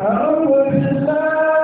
أعوذ بالله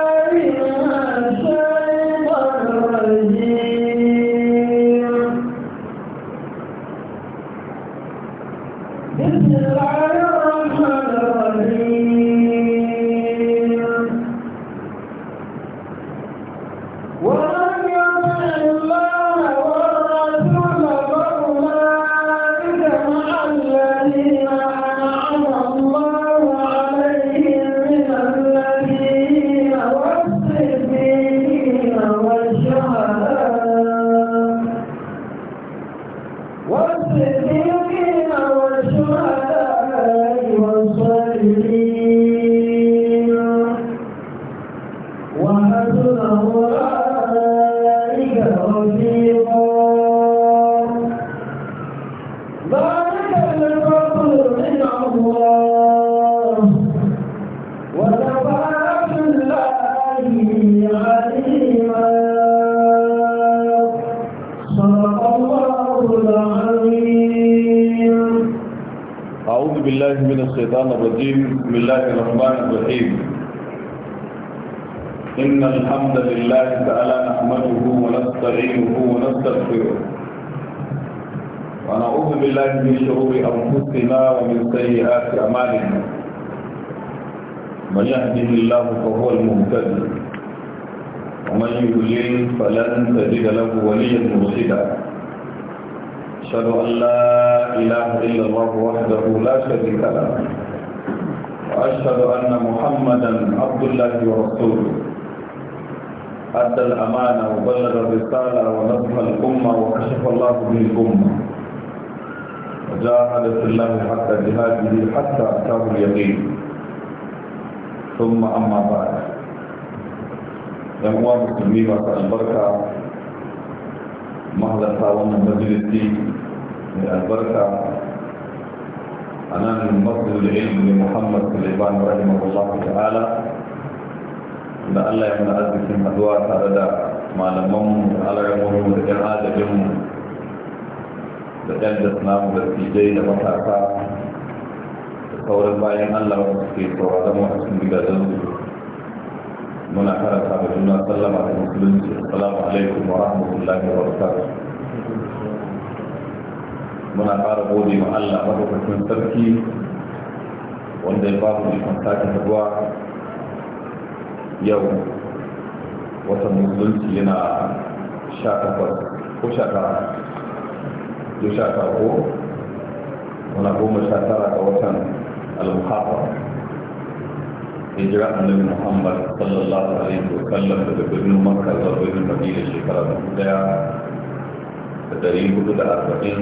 الرسالة ونصح الأمة وكشف الله به الأمة وجاهد في الله حتى جهاده حتى أتاه اليقين ثم أما بعد يوم المسلمين البركة مهلا تاوانا مجلسي البركة أنا من مصدر العلم لمحمد سليمان رحمه الله تعالى da الله يمنع mana arzikin haduwa tare malamanmu alaramunmu da ɗan adabinmu da ɗan da sunamu da tijai da matasa da sauran bayan allah wasu suke sauraron zama a cikin gidajen muna karanta da juna sallama da musulunci assalamu alaikum wa rahmatullahi wa barakatuh muna fara gode ma allah madaukakin sarki wanda ya ba mu ikon sake yau watan musulunci yana sha takwas ko sha ko, ya sha tara ko wana goma sha tara ga watan al-muhafa hijira annabi muhammad sallallahu alaihi wa sallam daga birnin makka zuwa birnin madina shekara da daya da dari hudu da arba'in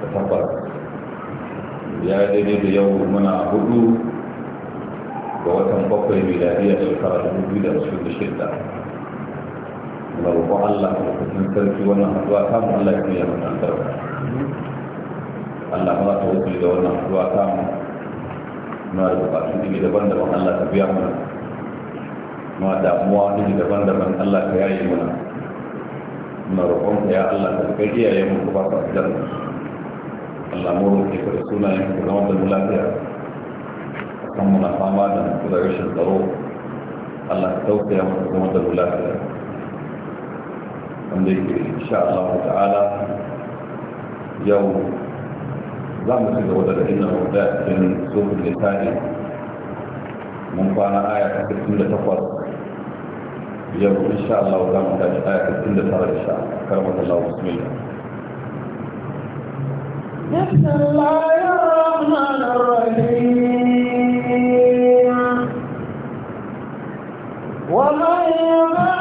da takwas ya daidai da yau muna hudu ga watan bakwai miladiyar shekara 2026 na roƙon Allah a lokacin sarki wannan haduwa ta mu Allah ya fiye mana tsarki Allah ma ta wuce da wannan haduwa ta mu na da bukatu iri daban-daban Allah ta biya mana ma damuwa iri daban-daban Allah ta yayi mana na roƙon ka ya Allah ta kai iyayen mu ba ka jan Allah mu roƙe ka da sunayen ka zama da mu lafiya كم من أحمد أن كده يعيش الله توقع ومدى الولاد عندك إن شاء الله تعالى يوم زمن في الغد لأن الغداء كان سوق لسائي من قانا آية كتن لتفر يوم إن شاء الله وزمن تاج آية كتن لتفر إن شاء الله كرمة الله بسم الله بسم الله الرحمن الرحيم ومن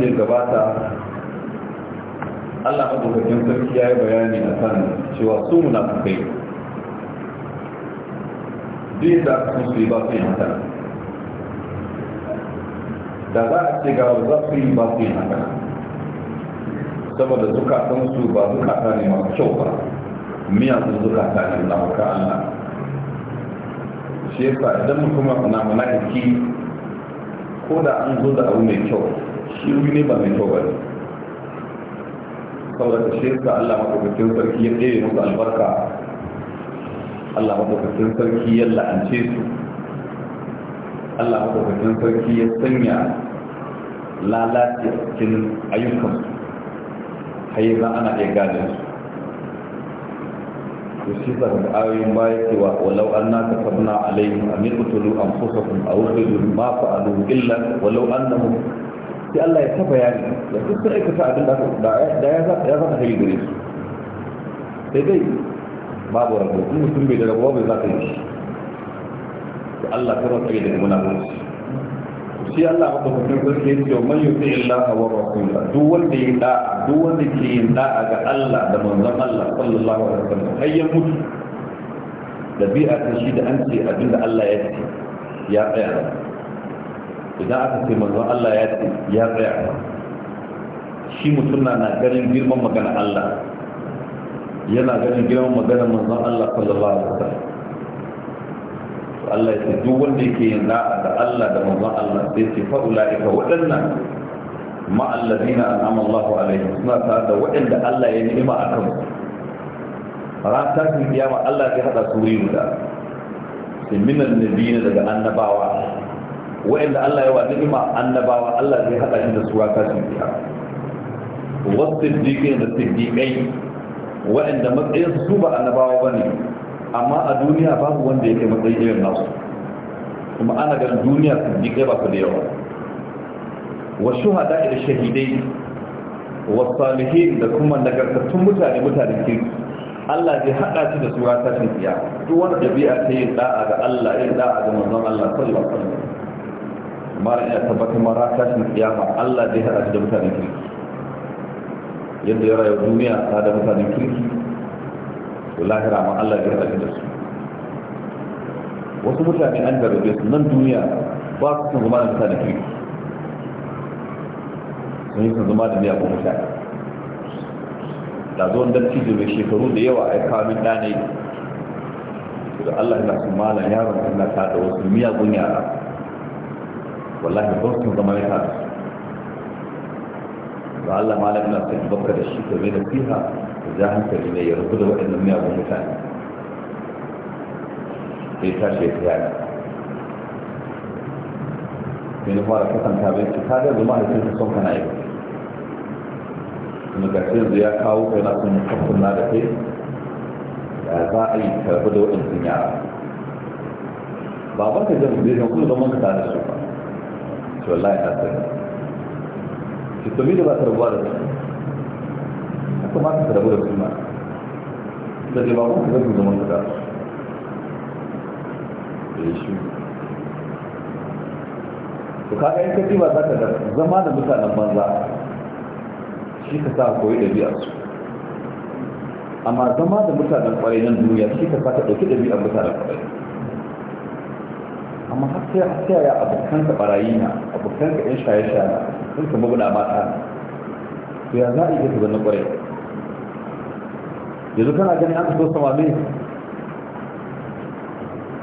da ya gabata Allah madaukakin sarki ya yi bayani a kan cewa su munafukai duk da aka sun su yi ba su yi haka da za a ce ga za su yi ba su yi haka saboda san su ba zukata ne masu kyau ba suka ta ne na haka Allah shi yasa idan mutum na munafiki ko da an zo da abu mai kyau shi ne ba mai kyau ba ne saboda ta shi yasa Allah maɗaukakin sarki ya ɗaya musu albarka Allah maɗaukakin sarki ya la'ance su Allah maɗaukakin sarki ya sanya lalace a cikin ayyukansu har yanzu ana iya gadin su to shi sa da ayoyin baya cewa walau an na kasabna alaihim an yi kutulu an fusa a wuce ma fa'alu illa walau an sai Allah ya ta bayani da duk sun aikata abin da ya za ta hali gare su sai dai babu rabu kuma sun bai da rabu bai za ta yi da Allah ta rasa da muna musu shi Allah ba ta kuma sarki ya ce man yuti illaha wa rasula duk wanda ya da duk wanda ke da da'a ga Allah da manzon Allah sallallahu alaihi wasallam har ya mutu da bi'a ta shi da an ce abinda Allah ya ce ya tsaya idan aka ce manzon Allah ya ce ya tsaya a shi mutum na ganin girman magana Allah yana ganin girman magana manzon Allah sallallahu alaihi wasallam Allah ya ce duk wanda yake yin da'a da Allah da manzon Allah sai ce fa ulaika waɗannan ma allazina an'ama Allahu alaihim suna tare da wadanda Allah ya ni'ima akan su ran ta kiyama Allah zai hada su wuri guda sai minan nabiyina daga annabawa Wa'inda Allah ya wa ni'ima annabawa Allah zai haɗa shi da su waka su biya wasu siddiqai da siddiqai wa'inda matsayin su ba annabawa ba ne, amma a duniya babu wanda yake matsayin irin nasu kuma ana ganin duniya siddiqai ba su da yawa wa shuhada da shahidai wa salihin da kuma nagartattun mutane mutane ke, Allah zai haɗa shi da su ratashin biya. duk wani ɗabi'a ta yin da'a ga Allah yin da'a ga manzon Allah sallallahu alaihi wasallam mara ya tabbata mara tashin kiyama Allah zai hada shi da mutanen kirki yadda ya rayu duniya ta da mutanen kirki to lahira ma Allah zai hada shi da su wasu mutane an garbe su nan duniya ba su san zama da mutanen kirki sun yi sun zama da miyagun mutane da zuwan dattijo mai shekaru da yawa a kamin ɗanai da Allah yana su malam yaron suna ta da wasu miyagun yara والله بقول كم ضمان هذا لعل ما لم نأتي بكر الشيء تبين فيها زاهم تجمع يرغد وإن لم يأبو مثال إيسا شيء ثاني من هو ركسا تابعين تتابع بما يسير تصنك نائب من كثير زياء كاو كنا سنقف النار في أعزائي تربد وإن سنعر بابا تجمع بيرغد ومن كتابع الشيطان to wallahi ta sani ki to da ba ta rabuwa da su haka ma ta rabu da su ma da ke ba ku ka zaku zaman ka da shi to ka ga yankaci ba za ka da zama da mutanen banza shi ka sa koyi ɗabi'ar su amma zama da mutanen ƙwarai nan duniya shi ka sa ka ɗauki ɗabi'ar mutanen ƙwarai amma har sai a sai ya ka barayi na abokanka yan shaye shaye sun ka mabuda mata to ya za a yi ta zanna kwarai yanzu kana gani an ka so sama ne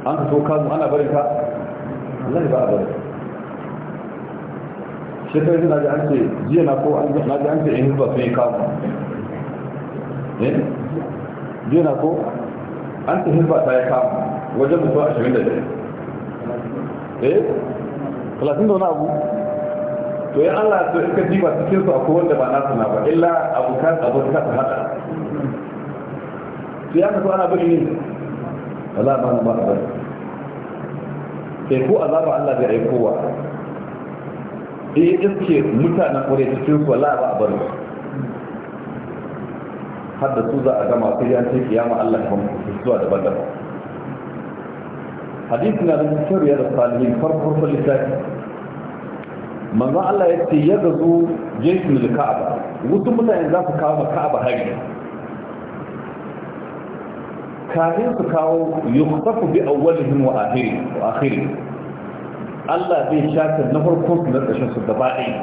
an ka so kazu ana bari ka Allah ba a shi ka yanzu na ji an ce jiya na ko na ji an ce in hizba sun yi kamu eh? jiya na ko an ce hizba ta yi kama wajen mutuwa ashirin da eh talatin da wani abu to yi allah to iska ji ba cikin su akwai wanda ba nasu na ba illa abokan abokan su hada Su ya kasu ana bin ne wala ba ba ba sai ko azaba allah bai aikowa ya iske mutanen kware cikin su wala ba a bari har da su za a gama sai ya kiyama allah kan zuwa daban-daban na da cikin da salihin farko farko lissafi manzon Allah ya ce ya gazo jesu da ka'aba wasu mutane za su kawo ka'aba hari kafin su kawo yukhtafu bi awwalihim wa akhirih wa akhirih Allah zai shafe na farko su na ƙarshen su gaba ɗaya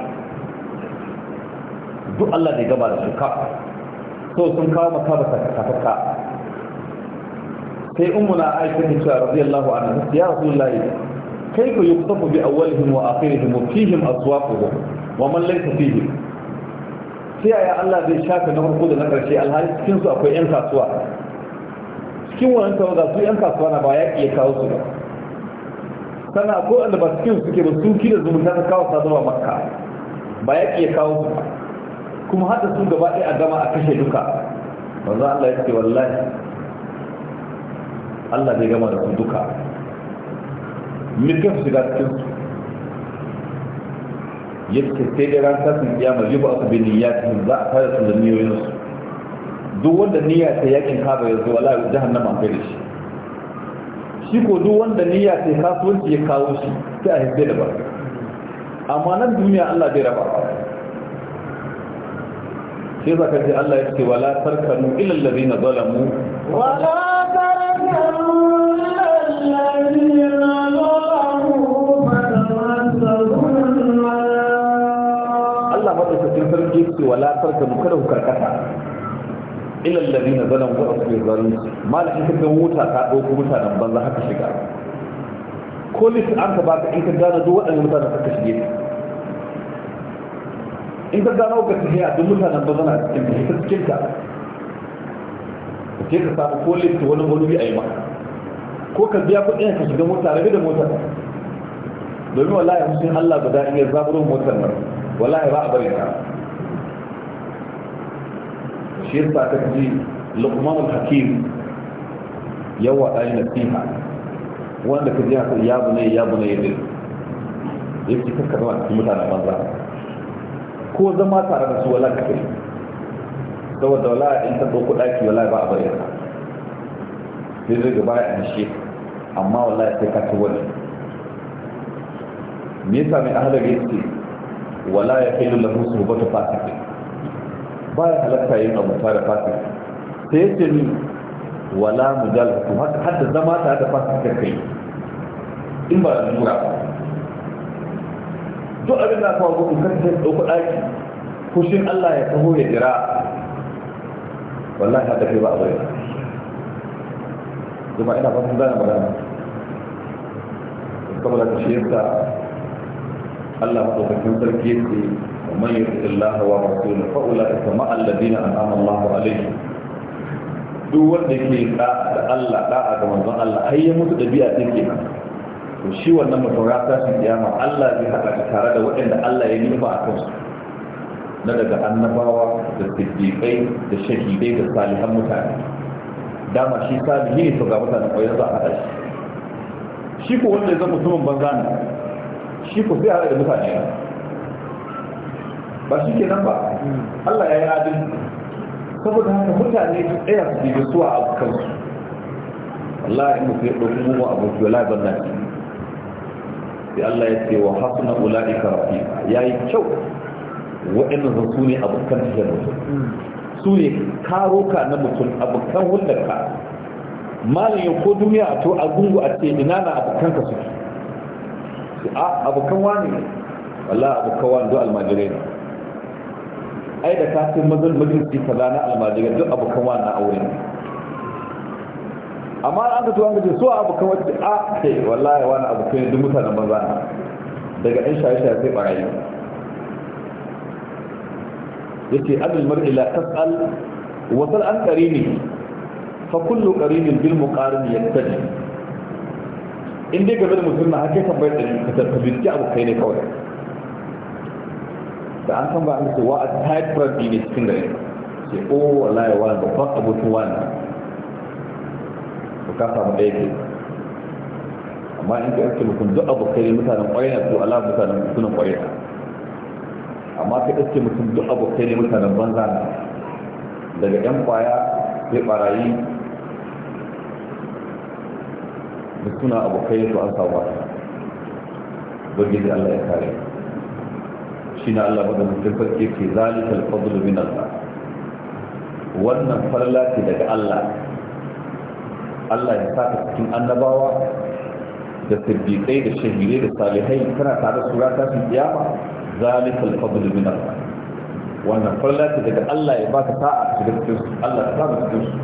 duk Allah zai gaba da su ka so sun kawo maka ta sakaka kai umuna aikin ta radiyallahu anhu ya rasulullahi kayfa yuktafu bi awwalihim wa akhirihim wa fihim aswaquhum wa man laysa fihi sai ya Allah zai shafe na farko da na karshe alhali cikin su akwai yan kasuwa cikin wannan tawaga su yan kasuwa na ba ya iya kawo su ba sana ko wanda ba cikin suke ba su kila zumunta ta kawo sa zuwa makka ba ya iya kawo su ba kuma hada su gaba ɗaya a gama a kashe duka wanzu Allah ya ce wallahi Allah zai gama da ku duka milkin shiga cikin su yadda sai dai ran sasin kiyama yi ba aka bin niyyatin za a fara su da niyoyinsu duk wanda niyya ta yakin haɓa ya zo wala jahannama an kai da shi shi ko duk wanda niyya yi kasuwanci ya kawo shi sai a hisse da ba amma nan duniya Allah bai raba sai za ji Allah ya ce wala tarkanu ilal ladina zalamu wala tarkanu ilal ladina Allah madaukakin sarki ce wala tarkanu kada ku karkata ilal ladina zalamu wa asbi zalimi malakin ka ga wuta ka dauko mutanen banza haka shiga ko lissu an ka baka in ka gane duk waɗannan mutanen suka shige in ka gano ka tafiya duk mutanen ba zana cikin ta cikin ta ke ka samu ko ta wani wani a yi maka ko ka biya kuɗin ka shiga mota rabe da motar domin wala ya mutum Allah ba daɗi ya zaburo motar nan wala ya ba a bari ta shi yasa ka ji Luqman hakim yawa ɗaya nasiha wanda ka ji haka ya bune ya bune ya dai yake kakkarwa cikin mutanen banza ko zama tare da su wala ka kai saboda wala in ta ɗauko ɗaki wala ba a bayyana sai zai gaba ya amshe amma wala sai ka ci wani me yasa mai ahalar yake wala ya kai lullahu su ba ta fasike ba ya halatta yin abu tare fasike sai ya ce ni wala mujal haka hadda zama tare da fasike kai in ba da lura ba duk abin da aka ku kanta ya ɗauki ɗaki kushin Allah ya taho ya jira wallahi haka kai ba a bayyana zuma ina fatan zana magana saboda ka shi yasa Allah madaukakin sarki yake ومن يطع الله ورسوله فاولئك مع الذين انعم الله عليهم duk wanda ke da Allah da'a ga manzon Allah ai ya mutu dabi'a take nan to shi wannan mutum ya tashi kiyama Allah zai haɗa shi tare da waɗanda Allah ya nufa a kansu na daga annabawa da siddiƙai da shahidai da salihan mutane dama shi salihi ne to ga mutanen ƙwayar za a haɗa shi shi ko wanda ya zama mutumin banza ne shi ko sai haɗa da mutane ba shi ke nan ba Allah ya yi adin saboda haka mutane su tsaya su bibi zuwa a kansu Allah ya mutu ya ɗauki mu abu wala ban ciki sai Allah ya ce wa hasuna ula'ika rafiqa yayi kyau waɗannan su ne abokan tafiyar mutum su ne karo ka na mutum abokan ka. malam ya ko duniya to a gungu a ce ina na abokan ka suke a abokan wani ne "Wala abokan wani do almajirai ne ai da ka sai mazal majalisi kaza na almajirai duk abokan wani na aure ne amma an ka tuwa gaje so abu kan wata a ce ah, wallahi wani abu kai duk mutanen banza daga in shaye shaye sai barayi yake adal mar'i ila tas'al wa sal an qarini fa kullu qarinin bil muqarin yattaji in dai game da mutum na haka kan bayyana ka tabbaci abu kai ne kawai da an san ba an ce wa a type ne cikin gare ce o oh, wallahi wani babban abokin wani ka samu ɗaya ke amma in ka yi mutum duk abokai ne mutanen ƙwarai na su ala mutanen suna ƙwarai na amma ka iske mutum duk abokai ne mutanen banza na daga ƴan ƙwaya sai ɓarayi da suna abokai su an samu wata ubangiji allah ya kare shi na allah bada mutum sarki ke zalikal fadlu min allah wannan farla ce daga allah Allah ya saka cikin annabawa da siddiqai da shahire da salihai tana tare su ra ta kiyama zalikal fadlu min Allah wannan farla ce daga Allah ya baka sa'a cikin su Allah ya saka cikin su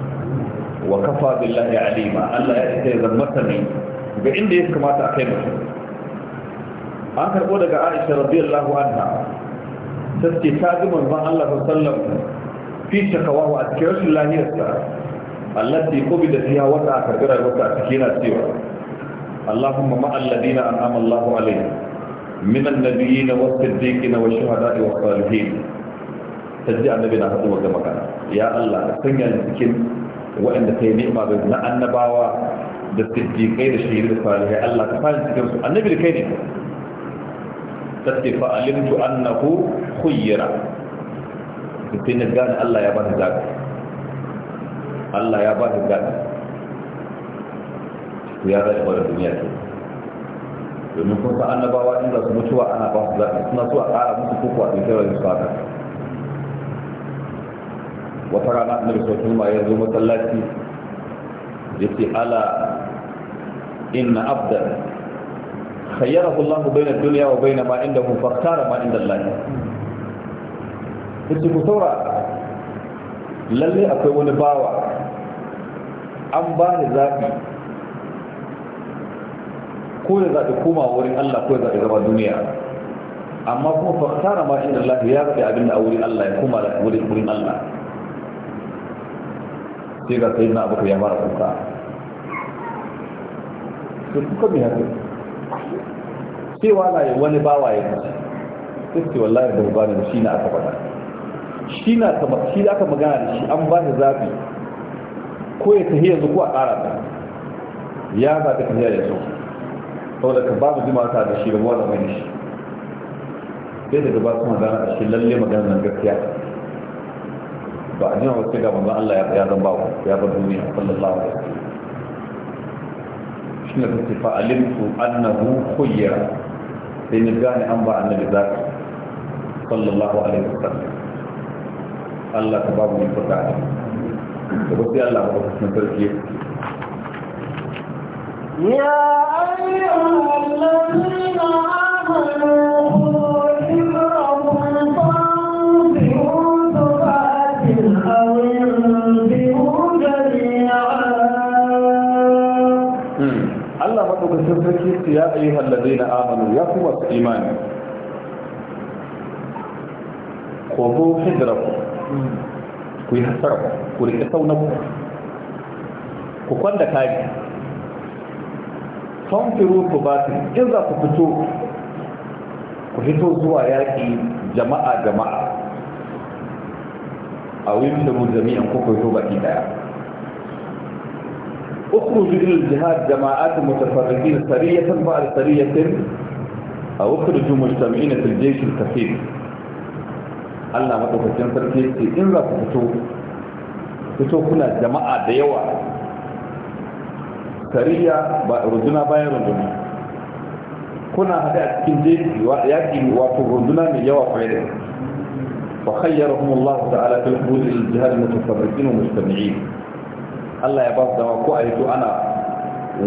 wa kafa billahi alima Allah ya ce zammata ne ga inda ya kamata a kai mutum an karɓo daga Aisha radiyallahu anha sai ta ji manzon Allah sallallahu alaihi wasallam fi shakawa wa a cikin rashin lahiyarsa allati qubida fiha wata a karbirar wata a cikin cewa Allahumma ma alladina an'ama Allahu alaihim min annabiyina was-siddiqina wash-shuhada'i was-salihin tajji annabi na hadu wa magana ya Allah ka sanya ni cikin waɗanda kai ni'ima ga na annabawa da siddiqai da shahidai da salihai Allah ka fara cikin su annabi da kai ne tattafa alimtu annahu khuyyira sai na gane Allah ya bani zaka Allah ya ba shi gadi to ya zai bar duniya ce domin kun san annabawa in za su mutuwa ana ba su zaɓi suna so a ƙara musu kuku a ɗauke da su haka wata rana na annabi sautin ma ya zo masallaci ya ce ala inna abdan خيره الله بين الدنيا وبين ما عنده فاختار ما عند الله kuce ku saura lalle akwai wani bawa an ba da zaɓi ko da zaɓi koma wurin Allah ko da zaɓi zama duniya amma kuma faktara ma inda Allah ya zaɓi abin da a wurin Allah ya koma wurin Allah sai ga sai na abokan ya mara kuka sai kuka mai haka cewa na yi wani bawa ya kusa sai wallahi da ba da shi na aka faɗa shi na kama shi za ka magana da shi an ba shi zafi ko ya tafi yanzu ko a ƙara ta ya za ka tafiya yanzu saboda ka ba babu jima ta da shi da mawa da mai shi sai daga ba su magana da shi lalle magana nan gaskiya ba a jima wasu ga manzan Allah ya zan ba ku. ya bar duniya sallallahu alaihi wasallam shi ne kake fa alimtu annahu khuyyira sai ni gane an ba annabi zaka sallallahu alaihi wasallam الله تبارك وتعالى وبس الله هو التركي يا ايها الذين يا ايها الذين امنوا يقوا الايمان قوموا حذركم ku yi hasar ku rike saunan ku kwanda kaji fanfiru ku ba su in za ku fito ku fito zuwa yaƙi jama'a jama'a a wuyin da mu jami'an ku ku fito baki daya اخرج الى الجهاد جماعات متفرقين سرية بعد سرية او اخرجوا مجتمعين في الجيش الكثير Allah madaukakin sarki ce in za ku fito fito kuna jama'a da yawa kariya ba runduna bayan runduna kuna hada a cikin jeji ke wato runduna mai yawa kwaye da fa khayyarahum Allah ala fil hudud jihar jihad mutafarriqin wa mustami'in Allah ya ba su dama ko a yi to ana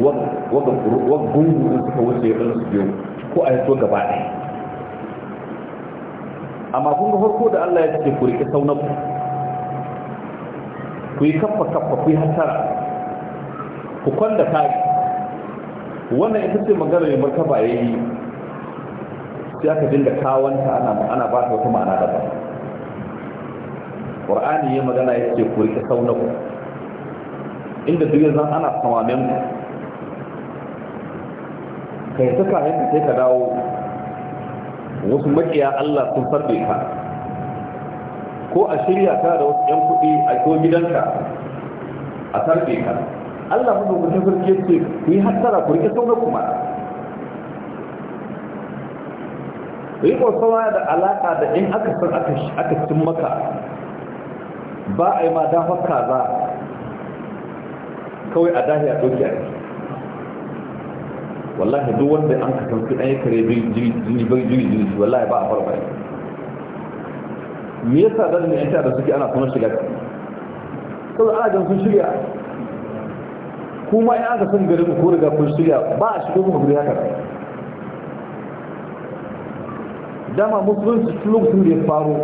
wa gungu in suka wuce ɗin su biyu ko a yi to gaba ɗaya amma kun ga farko da Allah ya ce ku rike sauna ku yi kaffa kaffa ku yi ku kwanda ta wannan ita ce magana mai martaba ya yi sai aka dinga kawanta ana ba ta wata ma'ana daban Qur'ani ya magana ya ce ku sauna ku inda duk yanzu ana samamen ka yi ta kayan ka sai ka dawo wasu makiya Allah sun farbe ka ko a shirya ka da wasu 'yan kuɗi a ko gidanka a farbe ka Allah mu dokokin sarki ce ku yi hattara ku rike sauna kuma riko sauna da alaƙa da in aka san aka cin maka ba a yi ma dafa kaza kawai a dahiya a a ciki wallahi duk wanda an ka tantu ɗaya kare jini bai jini jini wallahi ba a farba me yasa dan ne yanta da suke ana kuma shiga sau da ajin sun shirya kuma in aka san garin ko riga kun shirya ba a shigo muku da haka dama musulunci tun lokacin da ya faru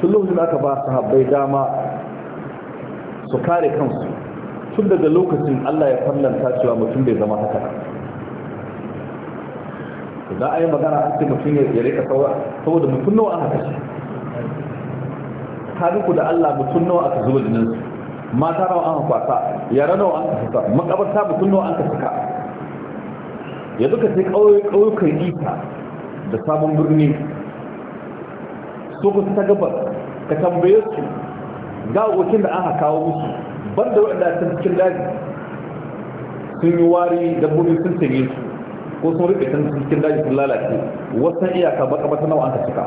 tun lokacin da aka ba su habbai dama su kare kansu tun daga lokacin Allah ya fallanta cewa mutum bai zama haka za a yi magana a cikin mutum ya rika saura saboda mutum nawa aka kashe duku da Allah mutum nawa aka zuba su, mata nawa an kwasa yara nawa an kasa makabarta mutum nawa an saka, ya duka sai ƙauyukan ita da sabon birni su ku ta gabar ka tambaye su ga wakil da aka kawo musu ban wanda a sun cikin daji sun yi wari dabbobi sun sanye su ko sun rike can cikin daji sun lalace wasu iyaka baka bata nawa an ka cika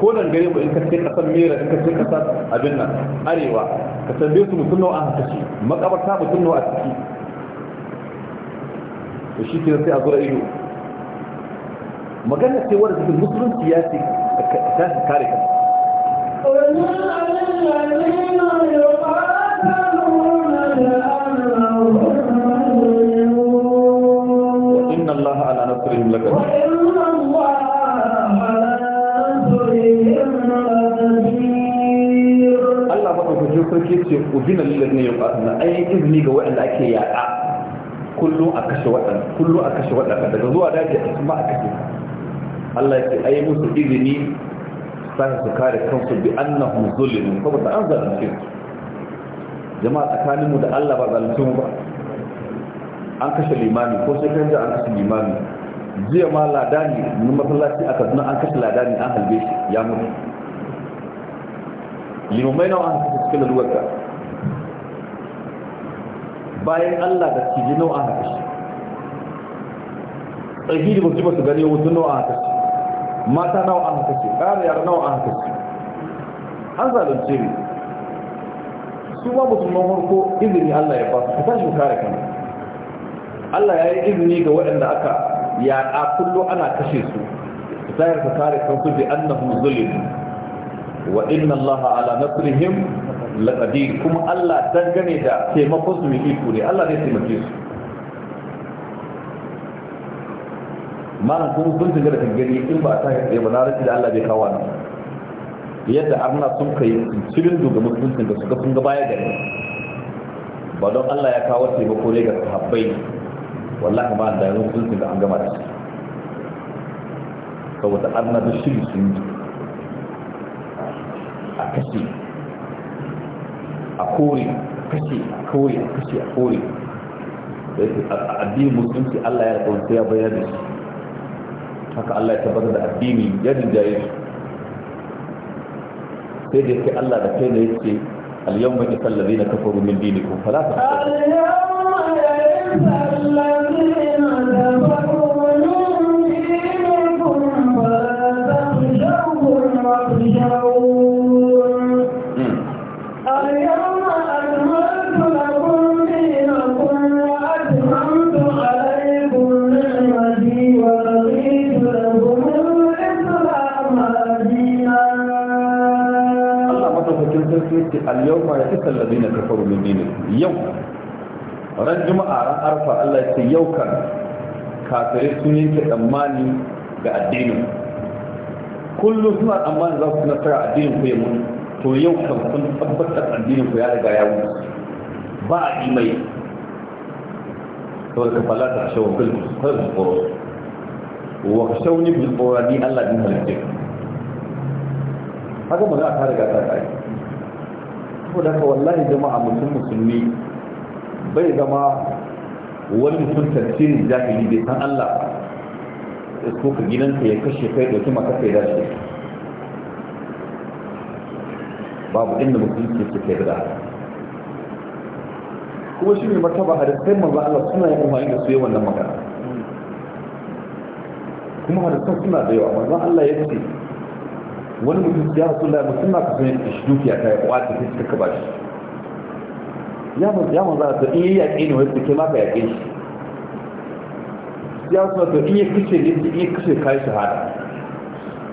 ko nan gare mu in ka ce kasar mera in ka ce kasar abin nan arewa ka tambaye su mutum nawa an ka ci makabarta mutum nawa a ciki to shi ke sai a zura ido magana ce wadda cikin musulunci ya ce ta kare kansa وإن الله على نصرهم a kashe waɗanda kullum a kashe waɗanda daga zuwa daji a kuma a kashe Allah ya ce yi musu izini sa su kare kansu bi annahum zulimu saboda an zalunce su jama'a tsakaninmu da Allah ba zalunci ba an kashe limami ko sai kan an kashe limami jiya ma ladani na masallaci a kaduna an kashe ladani an halbe shi ya mutu limamai nawa an kashe cikin lalwarka bayan allah da ciji nawa an kashe tsarki da basu basu gani wasu nawa an kashe mata nawa an kashe ƙara yara nawa an kashe an zalunce ne su ma musulman farko izini Allah ya ba su ka tashi kare kan Allah ya yi izini ga waɗanda aka yaɗa kullu ana kashe su ka ka kare kan su bi annahum zulim wa inna Allah ala nasrihim laqadir kuma Allah dangane da taimakon su mai iko ne Allah zai taimake su malam kuma kun tunga da gani in ba ta yi tsaye ba na rashi da Allah bai kawo nan yadda arna sun kai cikin daga musulcin da suka sun ga baya gari ba don Allah ya kawo taimako ne ga sahabbai wallahi ba da yanzu musulcin da an gama da shi saboda arna da shiri sun yi a kashe a kore a kashe a kore a kashe a kore da yake addini musulunci Allah ya kawo ya bayar da shi haka Allah ya tabbatar da addini ya jinjaye shi sai da yake Allah da kai da yake al-yawma yasallazina kafaru min dinikum fala ta'lamu al-yawma yaqta alladhina kafaru min dinikum yau ran juma'a ran arfa Allah ya ce yau kan kafirai sun yanke tsammani ga addinin kullum suna tsammanin za su nasara addinin ku ya mutu to yau kan sun tabbatar addinin ku ya riga ya mutu ba a yi mai saboda kafala ta shawo bil kar su tsoro wa shawni bil tsoro ni Allah din halitta haka ba za a ta riga ta kai ko ka haka wallahi jama'a mutum musulmi bai zama wani sun mutum tafsirin yi bai san Allah ko ka gidanka ya kashe kai dauki maka kai da shi. babu inda mutum ke kai da kuma shi ne martaba hadisai manzo Allah suna yin umarni da su yi wannan magana kuma har hadisan suna da yawa manzo Allah ya ce wani mutum ya rasu da mutum na kusa yin shi dukiya ta ya kwata ta cika ka bashi ya mun ya mun za ta in yi yaƙe ne wani ke ma ka yaƙe shi ya rasu da in yi kashe ne in yi kashe kayi shahada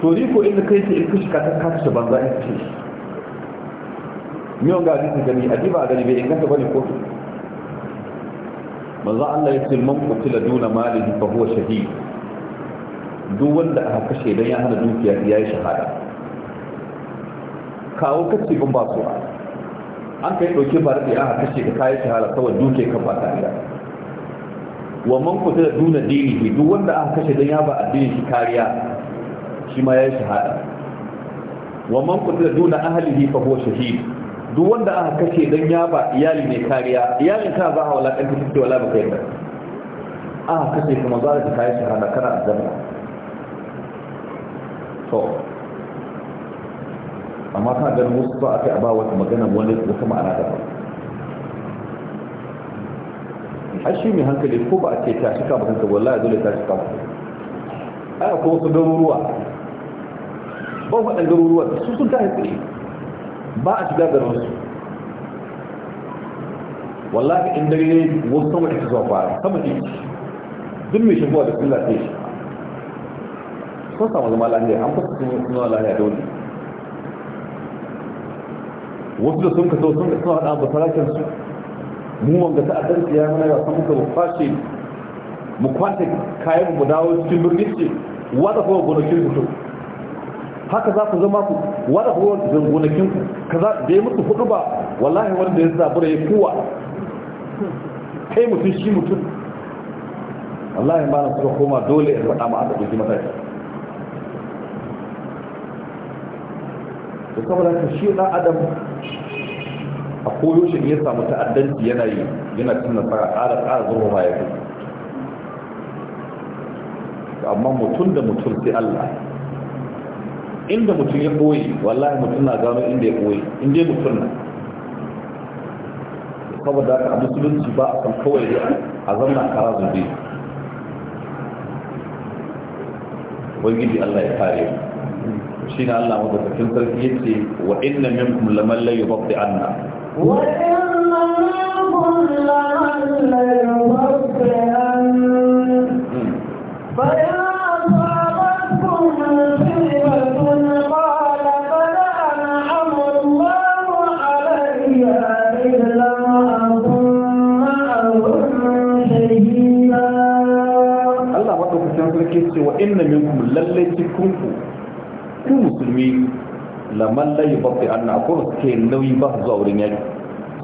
to ni ko inda kai ce in kashe ka ta kashe banza in kashe shi miyan ga hadisi gani a adiba gani bai inganta bane kotu manzo Allah ya ce man qutila duna malihi fa huwa shahid duk wanda aka kashe dan ya hana dukiya ya yi shahada kawo kace ban ba su an kai dauke ba da ya kace ka kai shahara kawai duke ka ba ta wa man kuta da duna bi duk wanda aka kashe dan ya ba addinin shi kariya shi ma shi shahada wa man kuta da duna ahlihi fa huwa shahid duk wanda aka kashe dan ya ba iyali ne kariya iyalin ka ba wala kan kike wala ba kai aka kashe kuma za ka kai shahada kana azaba to amma ta ganin wasu ba a kai a ba wata magana wani wata ma'ana da ba har shi mai hankali ko ba a ce ta shi ba kanka wallahi dole ta shika ba ana ko wasu garuruwa ba waɗanda garuruwa su sun ta haifi ba a shiga garin su wallahi in dare ne wasu sama ita zuwa fara sama ne duk mai shigowa da sun lafiya shi sun samu zama lafiya an fasa sun zama lafiya da wani wasu da sun ka sun ka sun haɗa basarakin su mu wanda ta adar tsiya mana ya san muka kwashe mu kwanta kayan mu dawo cikin birnin ce wada kuma gonakin ku to haka za ku zama ku wada kuma gonakin ku za da ya mutu hudu ba wallahi wanda ya zabura ya kuwa kai mutum shi mutum wallahi ba na suka koma dole in faɗa ma aka ɗauki mataki da saboda ka shi na adam a koyo shi ya samu ta'addanci yana yi yana cin nasara ƙara ƙara zuwa ma ya amma mutum da mutum sai Allah inda mutum ya ɓoye wallahi mutum na gano inda ya ɓoye inda ya mutum na saboda haka a musulunci ba a san kawai a zanna kara zube ubangiji Allah ya kare mu shi na Allah madaukakin sarki ya ce wa inna minkum laman layu yubdi anna wa inna minkum laman la yubdi anna sarki ce wa inna minkum lallai cikinku ku musulmi laman layi bafi fi anna ko ke nauyi ba zuwa wurin yaki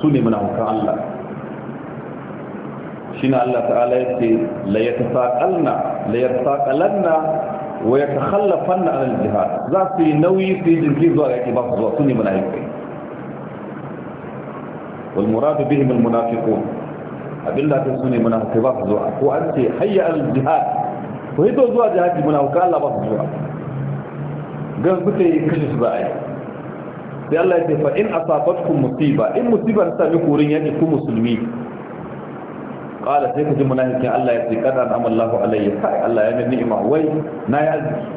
su ne muna hukun Allah shi na Allah ta'ala ya ce la ya tasaƙalna la ya tasaƙalanna wa ya takhallafanna ala jihad za su yi nauyi su yi jirgi zuwa yaki ba zuwa su ne muna hukan wal muradu bihim al munafiqun abinda ta su ne muna hukan ba su zuwa ko an ce hayya al jihad ko hito zuwa jihad muna hukan Allah ba zuwa gan suka yi kashe su ba a yi sai Allah ya ce fa in asabatkum musiba in musibar ta sami kurin yaki ku musulmi qala sai ka ji munafikin Allah ya ce kada amallahu alayya kai Allah ya nani ni'ima wai na ya azziki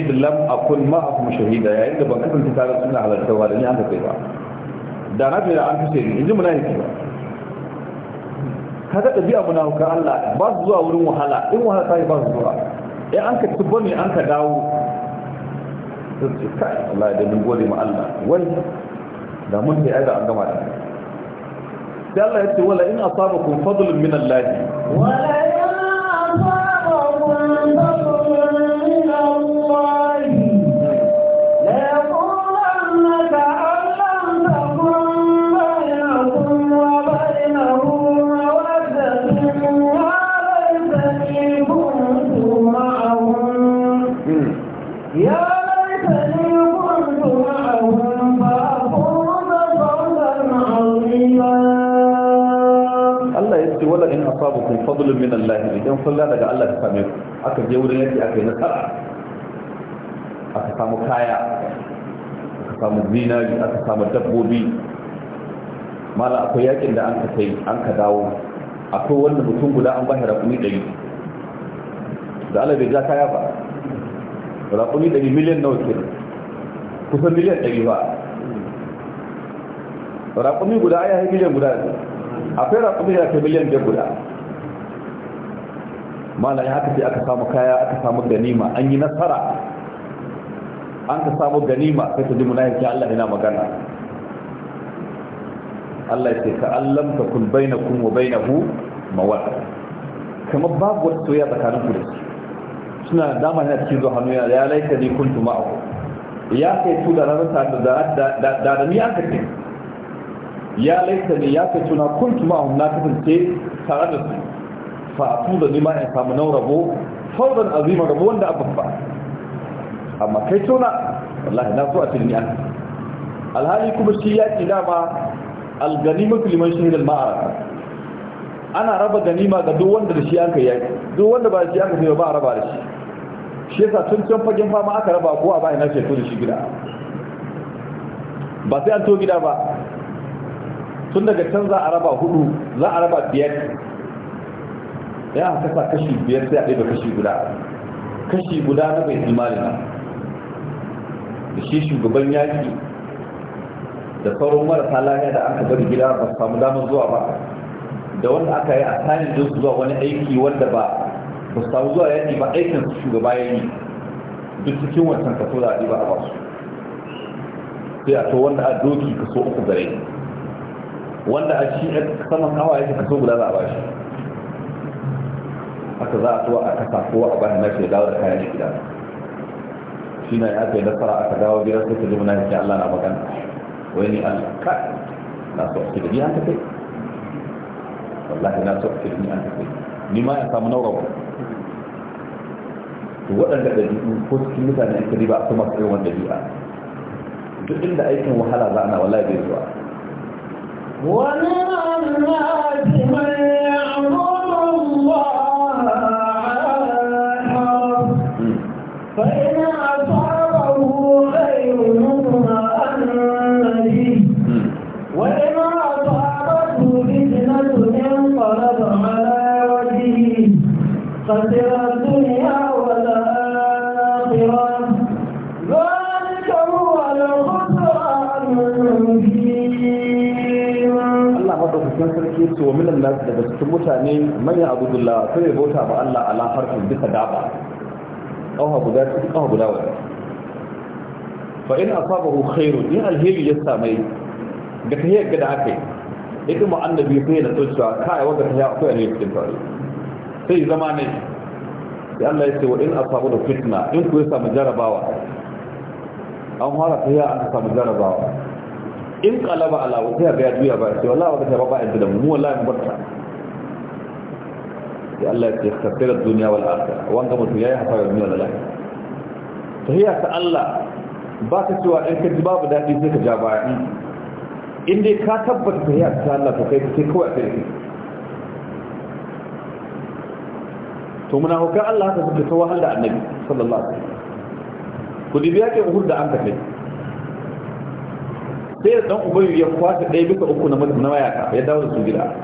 id lam akun ma'akum shahida ya inda ban kasance tare da suna halartawa da ni an kai ba da na fira an kace ni inji munafiki ba kaga dabi'a munafikan Allah ba su zuwa wurin wahala in wahala ta ba su zuwa ya an ka tubo ne an ka dawo sun ce kai Allah da mun gode ma Allah wani da mun sai aiza an gama da sai Allah ya ce wala in asabakum fadlun min Allah wala in asabakum min Allah idan kulla daga Allah ta same ku aka je wurin yaki aka yi nasara aka samu kaya aka samu zinari aka samu dabbobi mala akwai yakin da an ka kai an ka dawo akwai wannan mutum guda an bashi rakumi ɗari da Allah bai ja kaya ba rakumi ɗari miliyan nawa ke kusan miliyan ɗari ba rakumi guda ya yi miliyan guda akwai rakumi da ke miliyan biyar guda malaye haka sai aka samu kaya aka samu ganima an yi nasara an ka samu ganima sai ta jimu ji munafiki Allah yana magana Allah ya ce ka allam ta kun bainakum wa bainahu mawadda kamar babu wata soyayya tsakanin ku da su suna da dama yana cikin zuwa hannu yana ya laika ni a ma'ahu ya kai tu da ranar sa da da da ni aka ce ya laika ni ya kai tu na a ma'ahu na kasance tare da su fafu da nima in samu nan rabo fauran azima rabo wanda abin ba amma kai tona wallahi na so a cikin yan alhali kuma shi ya ci dama alganima liman shahidal ma'ara ana raba ganima ga duk wanda da shi aka yi duk wanda ba shi aka yi ba a raba da shi shi yasa tun can fagen fama aka raba ko a bayan nashi to da shi gida ba sai an to gida ba tun daga can za a raba hudu za a raba biyar ya aka kashi biyar sai a ɗaya kashi guda kashi guda na bai imani na da shi shugaban yaƙi da sauran marasa lahiya da aka bari gida ba samu damar zuwa ba da wanda aka yi a tsarin don zuwa wani aiki wanda ba ba samu zuwa yaƙi ba aikin su shugaba ya yi duk cikin wancan kaso da ba a ba su sai a to wanda a doki kaso uku gare wanda a shi saman hawa yake kaso guda za a ba shi haka za a tuwa a kasa kowa a bayan nashi ya dawo da kayan shi gida shi na ya aka nasara aka dawo gidan sai ta ji yake Allah na magana wai ni Allah ka na so ake da ni an tafi wallahi na so ake da ni an tafi ni ma ya samu nawa to waɗanda da ɗabi'u ko cikin mutane ake riba a kuma irin wanda biya duk inda aikin wahala za a na wallahi bai zuwa ma'amma الناس من ikhlas daga cikin mutane manyan abudullah sai ya bauta ba Allah ala harfin bisa daba kawa guda cikin kawa guda wani fa in asabahu khairu in alheri ya samai ga tahiyar ga da aka yi ita mu annabi sai na tsocewa kai wanda ta ya akwai alheri cikin tare sai zama ne ya Allah ya ce wa in asabu da fitna in ku ya samu jarabawa an fara tahiya an samu jarabawa in kalaba ala wa sai ga duya ba sai wallahi ba ta ba inda da mu wallahi mu barka ya Allah ya tsaftar duniya wal akhirah wanga mutum yayi hasara duniya da to hiya ta Allah ba ka cewa in ka ji babu dadi sai ka ja baya in dai ka tabbata tahiya ta Allah to kai sai kawai sai to muna hukar Allah haka suka ta wahala da annabi sallallahu alaihi wasallam ku dibiya ke hurda an ka kai sai da dan ubayu ya kwata ɗaya bisa uku na na mayaka ya dawo da su gida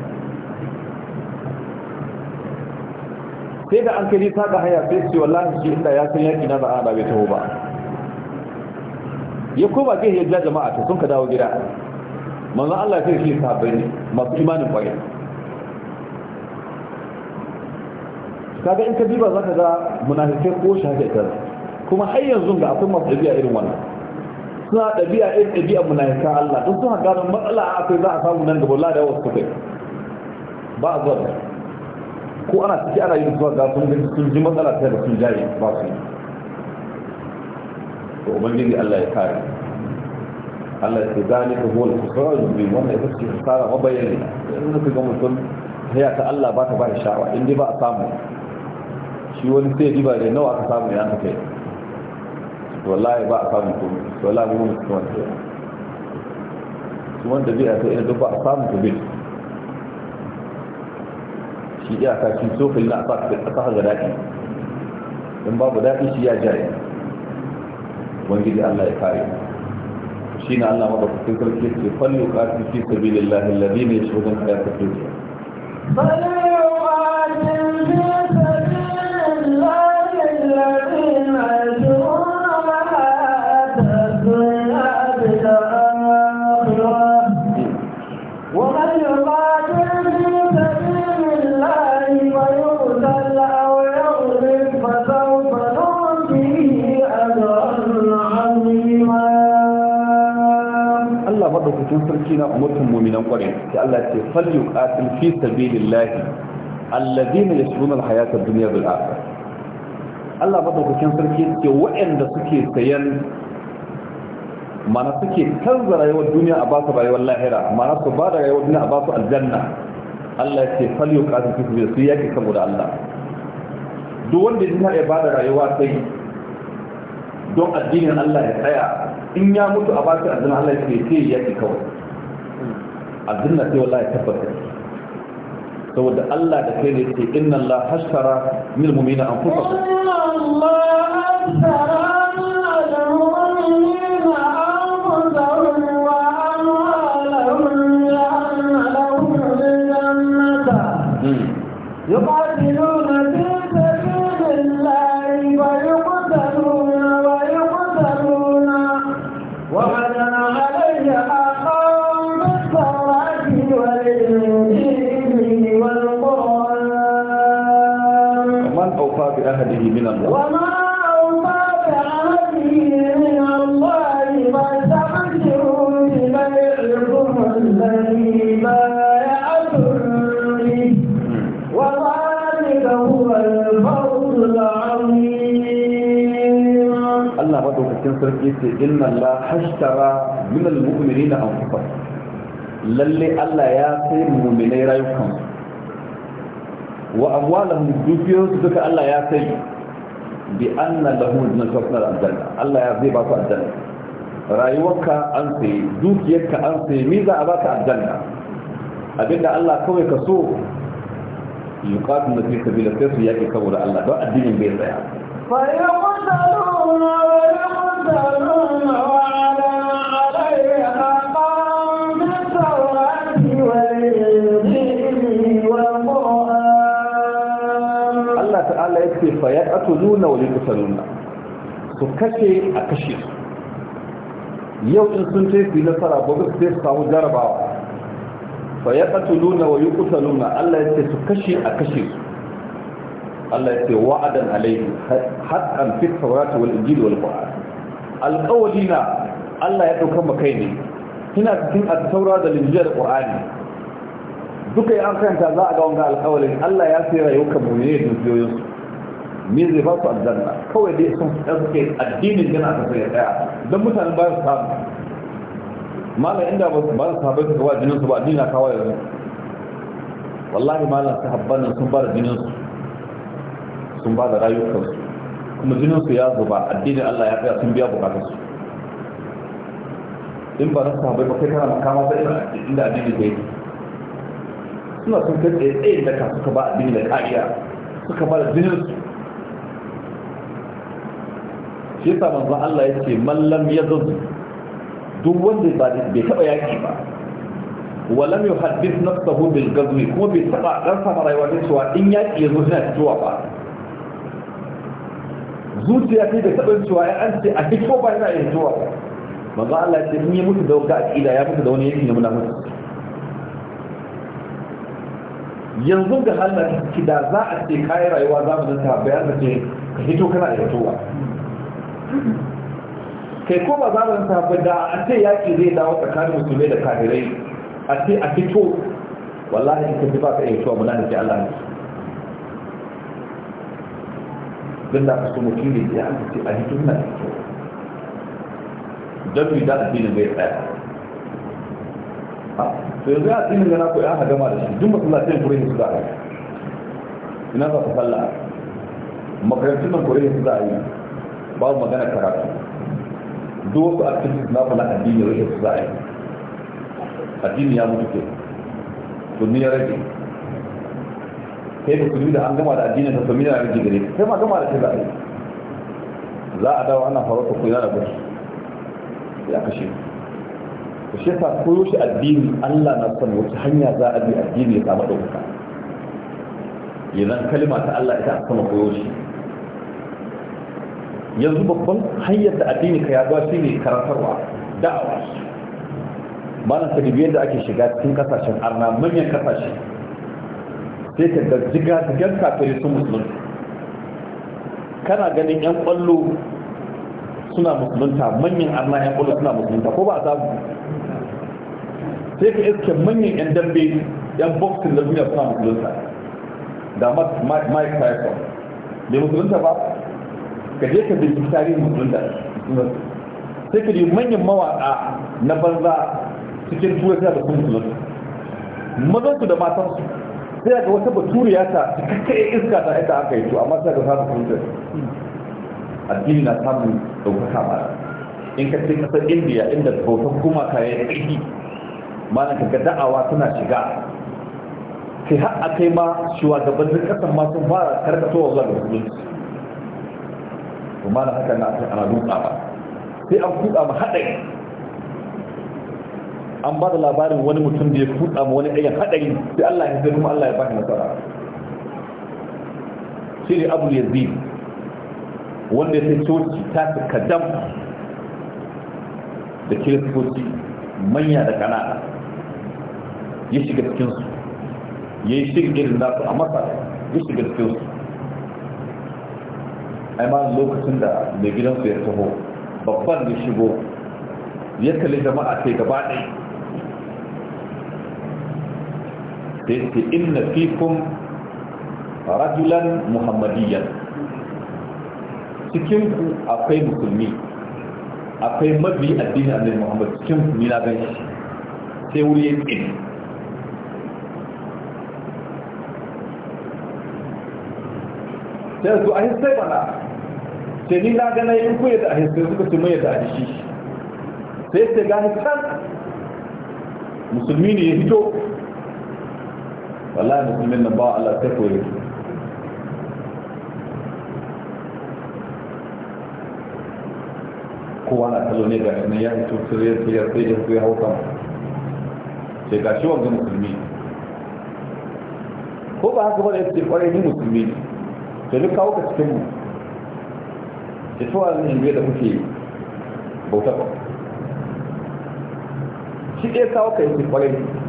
sai da an kai ta da haya sai su wallahi shi inda ya san yaki na ba a bai taho ba ya koma gehe ya ja jama'a to sun ka dawo gida manzon Allah sai shi sabai ne masu imanin kwaye kaga in ka diba zaka ga munafikai ko shahada kuma har yanzu ga akwai masu dabi'a irin wannan suna ɗabi'a irin ɗabi'a munafika Allah don suna gano matsala a kai za a samu nan gaba lada wasu kafai ba a zuwa ko ana ciki ana yin zuwa ga sun ji matsala ta da sun jari ba su yi to ubangiji Allah ya kare Allah ya ce ka huwa al-khusran bi wannan ita ce tsara wa bayyana in ka ga mutum haya ta Allah ba ta ba da sha'awa in dai ba a samu shi wani sai diba ne nawa aka samu ya ta kai wallahi ba a samun kuma wallahi mu mutum wanda ya su wanda zai a sai ina ba a samun kuma shi iya ka ci sofin na a sa ga daɗi in babu daɗi shi ya jaye wangiji Allah ya kare shi na Allah madaukakin sarki ce fallu ƙarfi fi sabilillahi alladhina yashhaduna hayata dunya فلا يقاتل madaukakin sarki na umurtun mu'minan kwarai sai Allah ce fal yuqatil fi sabilillahi alladhina yashruna alhayata ad-dunya bil akhirah Allah madaukakin sarki ce waɗanda suke sayan mana suke canza rayuwar duniya a basu rayuwar lahira mana su ba da rayuwar duniya a basu aljanna Allah ce fal yuqatil fi sabilillahi sai yake saboda Allah duk wanda ya ba da rayuwa sai don addinin Allah ya tsaya in ya mutu a bashi azina Allah ke ce ya ki kawai azina sai wallahi tabbata saboda Allah da kai ne ce inna Allah hashtara min mu'mina anfusakum Allah hashtara yace inna Allah hashtara min al-mu'minina anfusahum lalle Allah ya sai mu'minai rayukan wa amwalahum dukiyoyinsu duka Allah ya sai bi anna lahum nasafna al-janna Allah ya zai ba su aljanna rayuwarka an sai dukiyarka an sai me za a baka aljanna abinda Allah kawai ka so yuqatu na fi sabila sai su yake saboda Allah don addinin bai tsaya fa yaqtaluna wa yaqtuluna wa yuqtaluna su kashe a kashe yau in sun ce su nasara gobe su samu jarabawa fa yaqtuluna wa yuqtaluna Allah ya ce su kashe a kashe Allah ya ce wa'adan alayhi haqqan fi tawrat wal injil wal qur'an alƙawali na Allah ya ɗaukar makai ne suna cikin attaura da linjiyar ƙwa'ani duka ya kanta za a ga wanga alƙawalin Allah ya sai kan mu ne dukiyoyinsu me zai ba su aljanna kawai dai sun fitar suke addinin yana ta sai ɗaya don mutanen ba su samu malam inda ba su sabai su kawo jinin su ba addini na kawo yanzu wallahi malam sahabban sun ba da jinin su sun ba da rayukansu kuma jininsu ya zuba addinin Allah ya tsaya sun biya bukatarsu in ba na sahabai ba kai kana makama ta irin inda addini ta yi suna sun kai tsaye tsaye da ka suka ba addini da kariya suka ba da jininsu shi yasa manzon Allah ya ce mallam ya zazu duk wanda bai taɓa yaki ba walam yuhaddith nafsahu bil gazmi kuma bai taɓa ɗan sama rayuwa ne cewa in yaki ya zo ina fitowa ba zuciya ce da taɓin cewa ya an ce a duk ko ba yana iya zuwa manzo Allah ya ce in ya mutu da a aqida ya mutu da wani yake na munafiki yanzu ga halin ki da za a ce kai rayuwa za mu zanta bayan da ce ka hito kana da fitowa kai ko ba za mu zanta ba da a ce ya ce zai dawo tsakanin musulmai da kafirai a ce a fito wallahi in ka ji ba ka iya fitowa munafiki Allah ne abin da aka so mutum da ya aka ce a hitun na don mi da addinin bai tsaya ah, to yanzu ya addinin gana ko ya hagama da shi duk masallacin ne su za a yi ina za ku salla makarantun nan ne su za a yi babu magana karatu duk wasu activities na fa na addini rage su za a yi addini ya mutu ke to ni ya rage kai da kudu da an gama da addinin ta sami da rage gare sai ma gama da ta zaɓe za a dawo ana farauta ku da gudu ya kashe ku shi ta koyo shi addini allah na son wata hanya za a bi addini ya samu ɗaukaka yanzu kalima ta allah ita a sama koyo shi yanzu babban hanyar da addini ka yaduwa shi ne karantarwa da'awa malam ta bibiyar da ake shiga cikin kasashen arna manyan kasashe sai ka ga jigajigan kafirai sun musulunta kana ganin yan kwallo suna musulunta manyan arna yan kwallo suna musulunta ko ba a samu sai ka iske manyan yan dambe yan boxing da duniya suna musulunta da mike tyson bai musulunta ba ka je ka binciki tarihin musulunta sai ka yi manyan mawaƙa na banza cikin turai da kuma musulunta mazansu da matansu sai ga wata baturiya ta cikakke iska ta ita aka yi to amma sai ga samun kundin addini na samun ɗaukaka ba in ka ce kasar indiya inda bautan kuma yi ɗiki mana ka ga da'awa tana shiga sai har a kai ma bazin ƙasar ma sun fara karkatowa zuwa ga musulunci kuma na haka na ana dutsa ba sai an kuɗa ma haɗari an ba da labarin wani mutum da ya kuɗa ma wani ɗayan haɗari da Allah ya zai kuma Allah ya baka nasara shi ne abu yazid wanda ya sai coci ta fi kadam da kiristoci manya da kanana ya shiga cikinsu ya yi shirin irin nasu a masa ya shiga cikinsu a ma lokacin da mai gidansu ya taho babban ya shigo ya kalli jama'a sai gaba ɗaya sai ce inna fikum rajulan muhammadiyan cikin ku akwai musulmi akwai mabi addinin annabi muhammad cikin ku ni na gan shi sai wuri yake sai su a sai bana sai ni na gana yin ku yadda a sai suka ce mai yadda a shi sai sai gani can musulmi ne ya fito والله بكل من نباع الله تكوي قوانا تلو نيجا إن ياهي توب سرير في يرتيجة في هوتم شكا شوك دي مسلمين هو بحاك بل يتجب ولي دي مسلمين شلوك هوك تكمو شفوها لنهي بيدا كفي بوتاكو شكا إيه شوك يتجب ولي دي مسلمين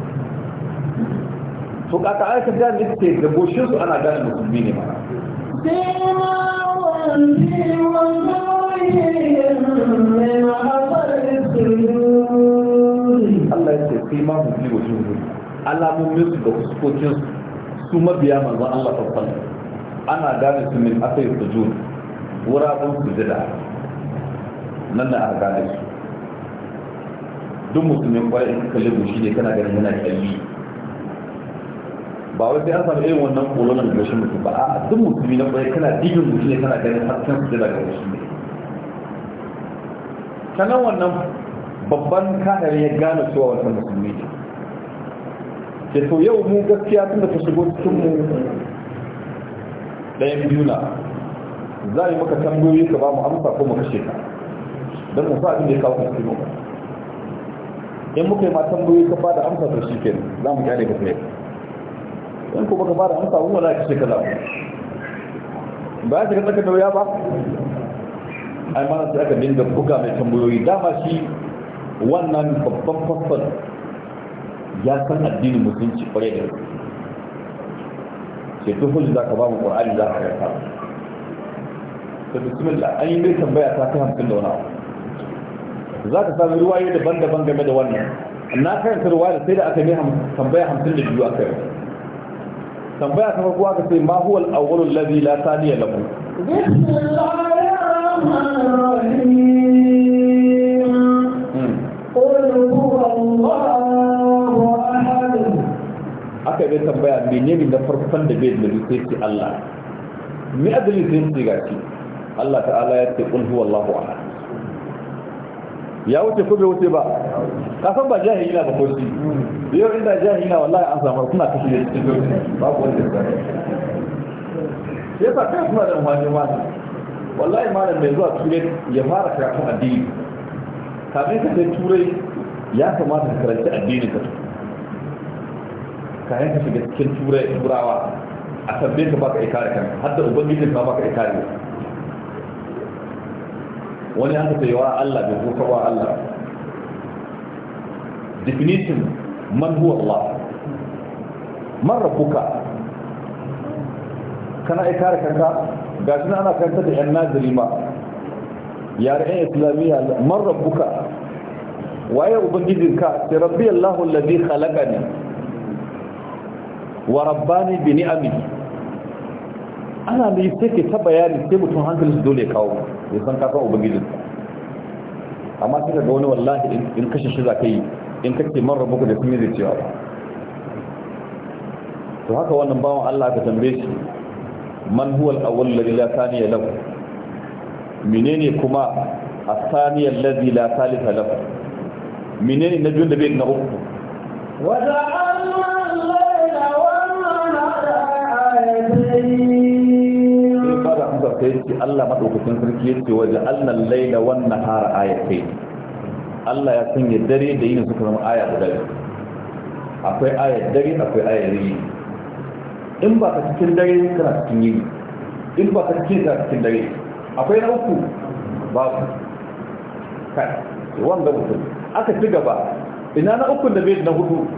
to kaka aika gani ke da goshin su ana gane musulmi ne ma Allah ya ce sai ma ji goshin su alamomin su da fuskokin su mabiya manzon Allah sallallahu alaihi ana gane su min asai su wuraren da nan na aka gane su duk musulmin kwarai in kalli goshi ne kana ganin yana kalli ba wai sai an samu irin wannan kolon da gashin mutum ba a duk mutumi na kwaye kana digin mutum ne kana ganin hasken su daga gashin ne sanan wannan babban kadari ya gane cewa wata musulmi ne ke to yau mu gaskiya tun da ta shigo cikin mu ɗayan biyu na za a yi maka tambayoyi ka ba mu amsa ko mu kashe ka don mu sa abin da ya kawo kuma in muka yi ma tambayoyi ka ba da amsa to shi ke za mu gyara ka sai in ko baka fara amsa wani wala kashe kaza ba ya shiga tsaka da wuya ba ai ma sai aka dinga buga mai tambayoyi dama shi wannan babban fassar ya san addinin musulunci kwarai da gaske sai tuhul za ka ba mu qur'ani za ka karanta to bismillah an yi mai tambaya ta kai hamsin da wani abu za ka sami ruwaye daban-daban game da wannan na karanta ruwa da sai da aka yi tambaya hamsin da biyu a kai ما هو الأول الذي لا ثاني له بسم الله الرحمن الرحيم قل هو الله أحد الله تعالى يتقل هو الله أحد ya wuce ko bai wuce ba kasan ba jahili na ba ko shi yau inda jahili na wallahi an samu kuna kashi da cikin yau ba ko wanda ba yasa kai kuma da wani wani wallahi malam mai zuwa ture ya fara karatu addini kafin ka sai turai ya kamata ka karanci addini ka kayan ka shiga cikin turai turawa a sabbe ka baka ikare kan har da ubangijin ka baka ikare wani aka sai wa Allah bai kuka wa Allah definition man huwa Allah man rabbuka kana ai kare kanka ga shi ana kanta da yan nazari ma yare yan islamiyya man rabbuka waye ka? sai rabbi Allah alladhi khalaqani wa rabbani bi ni'amihi ana da sai ke ta bayani sai mutum hankalin dole ya kawo ya san kasan ubangijin amma sai ga wani wallahi in kashe shi za ka yi in kake man rabu da kuma zai cewa to haka wannan bawan Allah ka tambaye shi man huwa al-awwal ladhi la thaniya lahu menene kuma as-thaniya alladhi la thalitha lahu menene na biyu da bai na uku wa ja'alna al-layla wan-nahara ayatayn sai ce Allah madaukakin sarki yace wa annal al-laila wan nahara ayatayn Allah ya sanya dare da yini suka zama aya da dare. akwai ayat dare akwai da yini in ba ka cikin dare kana cikin yini in ba ka cikin kana cikin dare akwai na uku ku kai wanda mutum aka ci gaba ina na uku da bai na hudu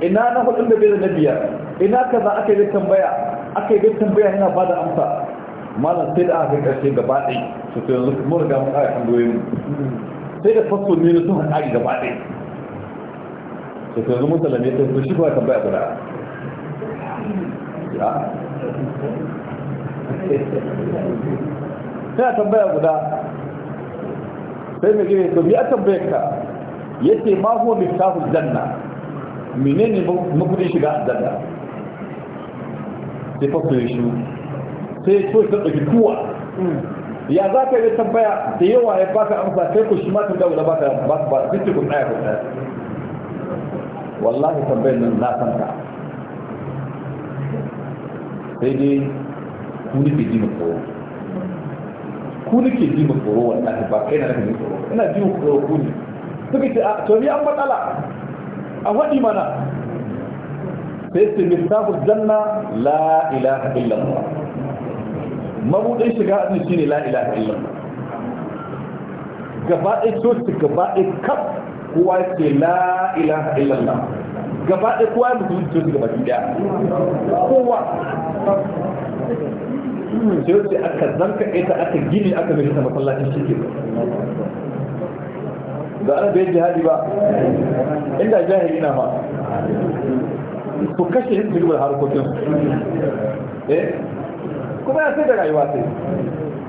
ina na hudu da bai na biyar ina kaza aka yi tambaya aka yi tambaya yana bada amsa malam sai da aka karshe gaba ɗai su sai yanzu kuma da mun ƙara tambayoyin sai da fasfo ne sun haɗari gaba ɗai su sai yanzu mun ne ta sun shi kan tambaya guda sai a tambaya guda sai mai gina to mi a tambayar ka ce ma huwa miftahul janna menene mabudin shiga a aljanna sai fasfo ya shi sai ya ta ɗauki kuwa ya za ka yi tambaya da yawa ya baka amsa sai ku shi ma tun dawo da baka ba su? ba duk ku tsaya ku tsaya wallahi tambayar nan na san ka sai dai ku nake ji mu tsoro ku nake ji mu tsoro wallahi ba kai na nake ji tsoro ina ji mu tsoro ku ne suka ce a tori an matsala a waɗi mana sai su mistafus janna la ilaha illallah mabudin shiga azumi shine la ilaha illallah gaba ɗaya coci gaba ɗaya kaf kowa ce la ilaha illallah gaba ɗaya kowa ya mutum coci gaba ɗaya kowa coci hmm, aka zanka ita aka gini aka mai sama masallacin shi Da ana bai jihadi ba inda jahili na ma su kashe yin jirgin harkokin eh kuma ya sai da rayuwa sai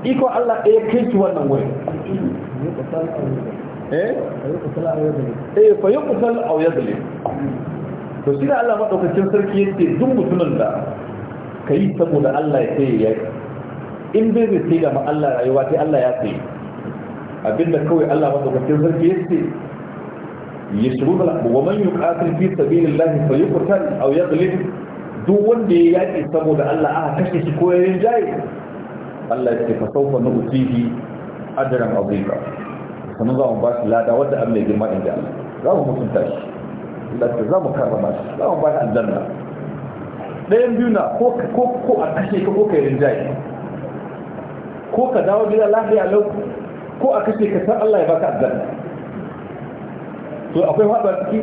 iko Allah ɗaya kai ki wannan wuri eh? eh fa yuqtal aw a to shi da Allah cin sarki ya ce duk mutumin da ka yi saboda Allah ya sai ya in bai zai sai da ma Allah rayuwa sai Allah ya sai abinda kawai Allah cin sarki ya ce ya da wa man yuqatil fi sabilillahi fa yuqtal aw yaghlib duk wanda ya yaƙi saboda Allah aka kashe shi ko yayin jaye Allah ya ce fa saufa na utihi ajran azika sannan za mu ba shi lada wanda Allah ya girma inda Allah za mu mutunta shi Allah ta za mu karrama shi za mu ba shi aljanna Dayan biyu na ko ko ko a kashe ka ko ka yayin jayi, ko ka dawo gida lafiya lau ko a kashe ka san Allah ya baka aljanna to akwai haɗa ciki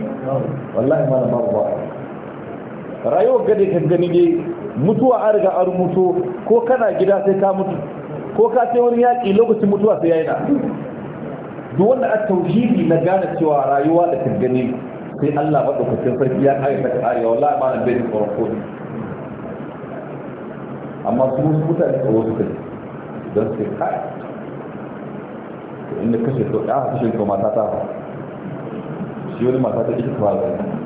wallahi malama ba rayuwar gade kan gani dai mutuwa an riga an mutu ko kana gida sai ka mutu ko ka sai wani yaƙi lokacin mutuwa sai yi na duk wanda a tauhidi na gane cewa rayuwa da kan gani sai Allah madaukakin sarki ya kare ta kare wallahi ma na bai da tsoron kodi amma su musu mutane tsoro suka ne don sai kai inda kashe to ɗaya kashe to mata ta shi wani mata ta ita ta ba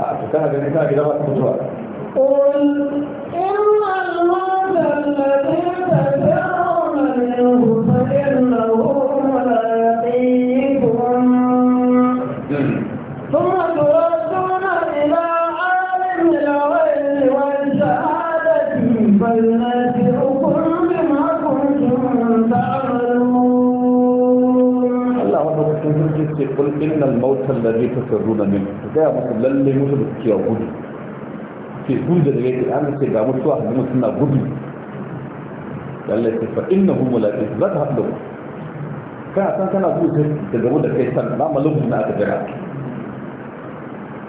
a to kana ganin kana gida ba ta mutuwa قل إن الموت kul innal mautal ladhi tasruna min ga musu lalle musu da suke gudu ke gudu da yake an ce ga mutuwa kuma suna gudu lalle ce fa innahu mulaqi za ta hadu kana san kana gudu da gamu da kai san ba malum na aka jira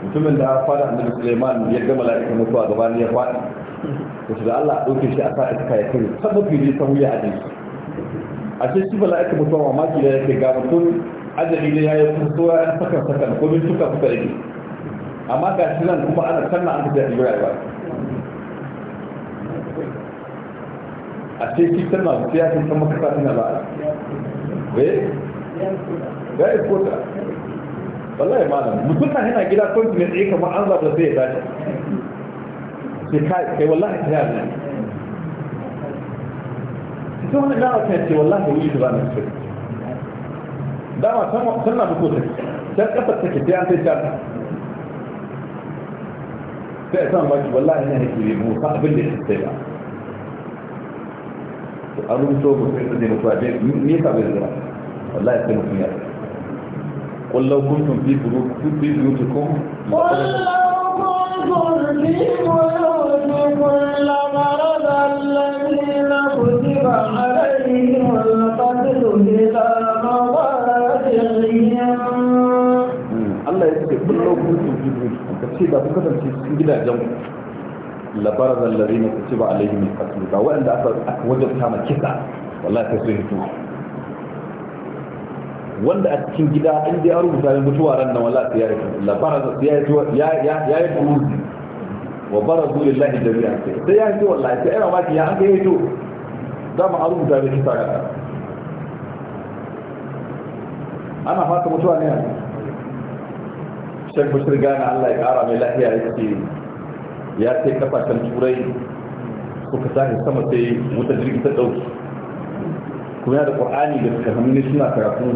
mutumin da fara annabi Sulaiman ya ga mala'ika mutuwa gaba ne ya faɗi to da Allah ɗauke shi a sa iska ya kai sababi ne ta wuya a jinsu a cikin bala aka mutuwa wa maki da yake ga mutum ajali ne ya yi kusurwa ya saka saka ko bin suka suka yake amma ga shi nan kuma ana sanna an tafiya ɗibi rayuwa a ce shi sanna su eh? ya san maka sa suna ba bai ga ya kota wallahi malam mutum na yana gida kwanci ne tsaye kamar an zaɓa sai ya dace sai kai wallahi ta yi sun wani dama kan ce wallahi wuri ba na cikin dama san na mutu take can kasar take sai an sai ta sai a san baki wallahi na yake ribu ka abin da ya sai ba to an rubuto ba sai da mutu a ne ka bai zira wallahi sai mutum ya قل لو كنتم في بيوتكم قل لو كنتم في بيوتكم عليهم القتل إلى مضاجعهم Allah ya ce kullum kuntum fi buyutikum ka ce da ku kasance cikin gidajen ku labarar allazina kutiba alaihim alqatl ga wanda aka aka wajabta ma kisa wallahi sai sun hito wanda a cikin gida in dai an rubuta ne mutuwa ran nan wallahi sai ya hito labarar sai ya hito ya ya ya yi buruzi wa barazu lillahi jami'a sai ya hito wallahi sai ai mamaki ya an ga hito dama a rubuta da kisa ga ana fata mutuwa ne yanzu shek bashir gane allah ya kara mai lafiya ya ce ya ce kafashen turai suka tashi sama sai wuta jirgin ta ɗauki kuma yana da ƙwa'ani da suka hamini suna karatu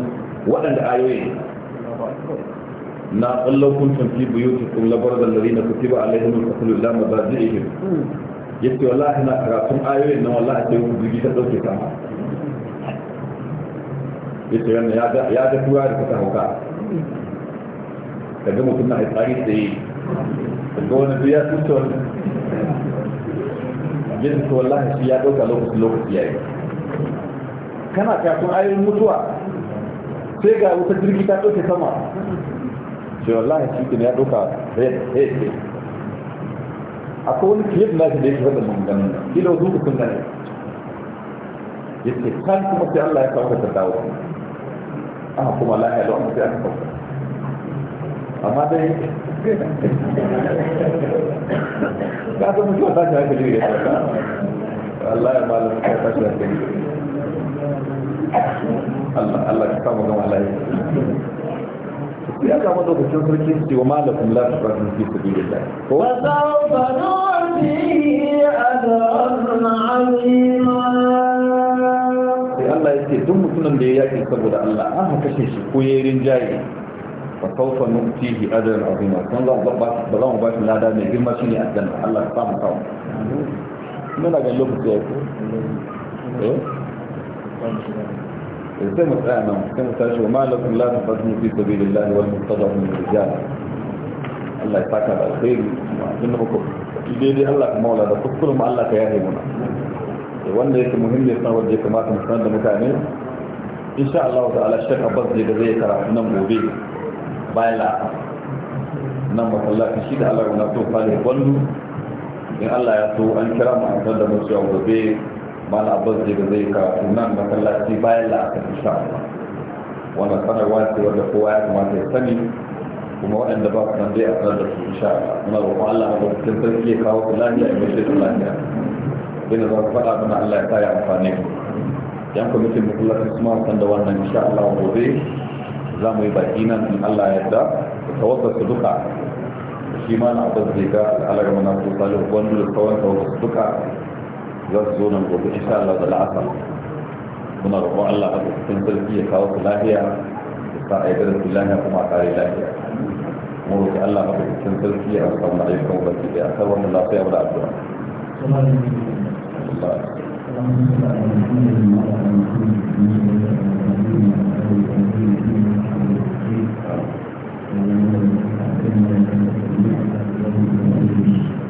waɗanda ayoyi na tsallon kuntun fi buyutu kun labar da lalina kutiba alaihim al-qatlu illa mabazi'ihim ya ce wallahi na karatun ayoyin nan wallahi sai yi jirgi ta dauke sama yake yana ya ga tuwa da kusa hauka daga mutum na haifari tsaye daga wani duk ya tuta wani ko wallahi shi ya ɗauka lokaci lokaci ya yi kana karatun ayoyin mutuwa sai ga wata jirgi ta dauke sama shi wallahi shi ya ɗauka red red akwai wani clip na shi da yake a maganganun nan kila wasu ku kun ya yace kan kuma sai Allah ya kawo ta dawo aka kuma lahiya da wanda sai aka kawo amma dai ka san ta shi ta ne Allah ya da ka ta shi hankali Allah Allah ka kama gama lahiya ya kama lokacin sarki su ce wa malakun la ta fasin fi su biyu da ko ba za ba nufi azima sai Allah ya ce duk mutumin da ya yaki saboda Allah an haka kashe shi ko yayin rinjaye fa sawfa nu'tihi ajran azima kan za ba ba za mu ba shi lada mai girma shine aljanna Allah ya samu kawo muna ga lokaci ya ko eh اهتموا الآمن اهتموا تعيشوا وما لكم لا تفضلوا في سبيل الله والمتضر من الرجال الله يتاكى بالخير وإنهكم إليه الله مولا تذكرهم الله كياهمنا وأن يكون مهم يتنوج كما كنت سند مكامل إن شاء الله تعالى الشيخ أبض لي بذي ترى نمو بي بايلا نمو صلى الله كشيد على ونطوف عليه قلو إن الله يتو أنكرام أن سند مكامل Mana abbas ji da zai karatu nan masallaci bayan la'akari insha wannan sanarwa ce wanda kowa ya kamata ya sani kuma waɗanda ba su nan dai a sanar da su insha Allah muna roƙon Allah da lokacin sarki ya kawo su lafiya ya mace su lafiya bin da za ku faɗa mana Allah ya sa ya amfane ku yan kwamitin masallaci su san da wannan insha Allah gobe za mu yi baki nan in Allah ya yarda da tawassar su duka shi ma na abbas zai ga al'alar mana su salihu wanda da tsawon tawassar su duka za su zo nan gobe insha Allah da la'asar muna roƙon Allah a cikin sarki ya kawo su lafiya da sa a yi garin su lafiya kuma a kare lafiya mu roƙi Allah a cikin sarki ya kawo mu ayyukan ubangiji da ya kawo mu lafiya da addu'a Thank you.